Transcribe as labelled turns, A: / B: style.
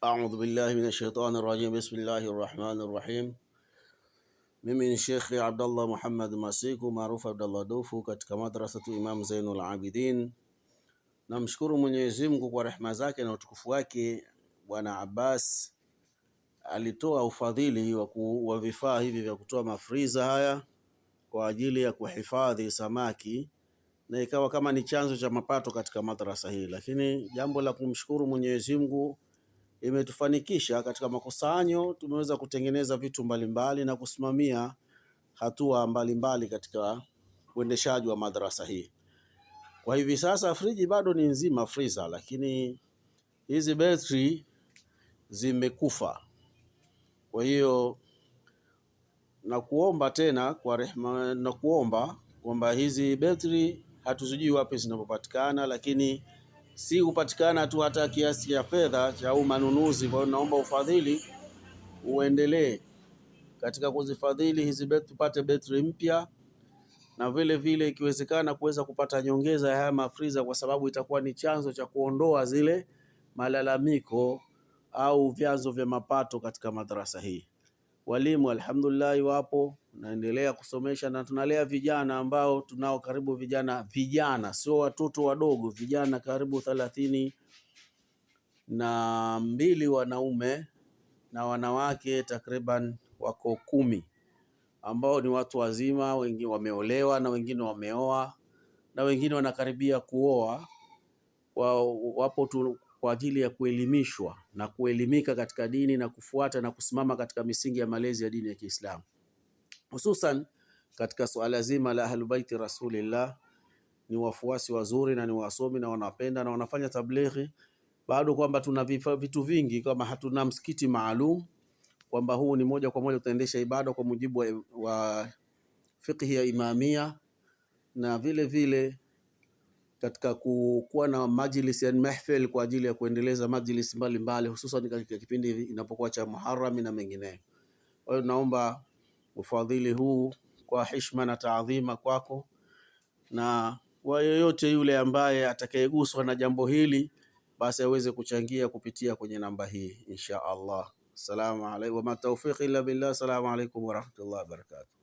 A: Audhu billahi min shaitani rajim. Bismillahi rahmani rahim. Mimi ni Sheikh Abdallah Muhammad Masiku maarufu Abdallah Dofu katika madrasatu Imam Zainul Abidin. Namshukuru Mwenyezi Mungu kwa rehma zake na utukufu wake. Bwana Abbas alitoa ufadhili wa vifaa hivi vya kutoa mafriza haya kwa ajili ya kuhifadhi samaki na ikawa kama ni chanzo cha mapato katika madrasa hii, lakini jambo la kumshukuru Mwenyezi Mungu imetufanikisha katika makusanyo, tumeweza kutengeneza vitu mbalimbali na kusimamia hatua mbalimbali katika uendeshaji wa madrasa hii. Kwa hivi sasa friji bado ni nzima freezer, lakini hizi betri zimekufa. Kwa hiyo nakuomba tena kwa rehema, nakuomba kwamba hizi betri hatuzijui wapi zinapopatikana, lakini si kupatikana tu hata kiasi cha fedha cha au manunuzi. Kwa hiyo naomba ufadhili uendelee katika kuzifadhili hizi bet, tupate betri mpya na vile vile ikiwezekana kuweza kupata nyongeza ya haya mafriza, kwa sababu itakuwa ni chanzo cha kuondoa zile malalamiko au vyanzo vya mapato katika madrasa hii. Walimu alhamdulillah wapo, naendelea kusomesha na tunalea vijana ambao tunao karibu vijana vijana, sio watoto wadogo, vijana karibu thelathini na mbili wanaume na wanawake takriban wako kumi ambao ni watu wazima, wengine wameolewa na wengine wameoa na wengine wanakaribia kuoa. wapo tu kwa ajili ya kuelimishwa na kuelimika katika dini na kufuata na kusimama katika misingi ya malezi ya dini ya Kiislamu, hususan katika suala zima la ahlubaiti rasulillah. Ni wafuasi wazuri na ni wasomi na wanapenda na wanafanya tablighi, bado kwamba tuna vitu vingi, kama hatuna msikiti maalum kwamba huu ni moja kwa moja utaendesha ibada kwa mujibu wa, wa fiqhi ya imamia na vile vile katika kuwa na majlis yani mahfil kwa ajili ya kuendeleza majlis mbalimbali, hususan katika kipindi inapokuwa cha Muharram na mengineyo. Kwa hiyo naomba ufadhili huu kwa heshima na taadhima kwako na kwa yoyote yule ambaye atakayeguswa na jambo hili basi aweze kuchangia kupitia kwenye namba hii insha Allah. Salamu alaykum wa ma illa billah. Salamu alaykum wa rahmatullahi wa barakatuh.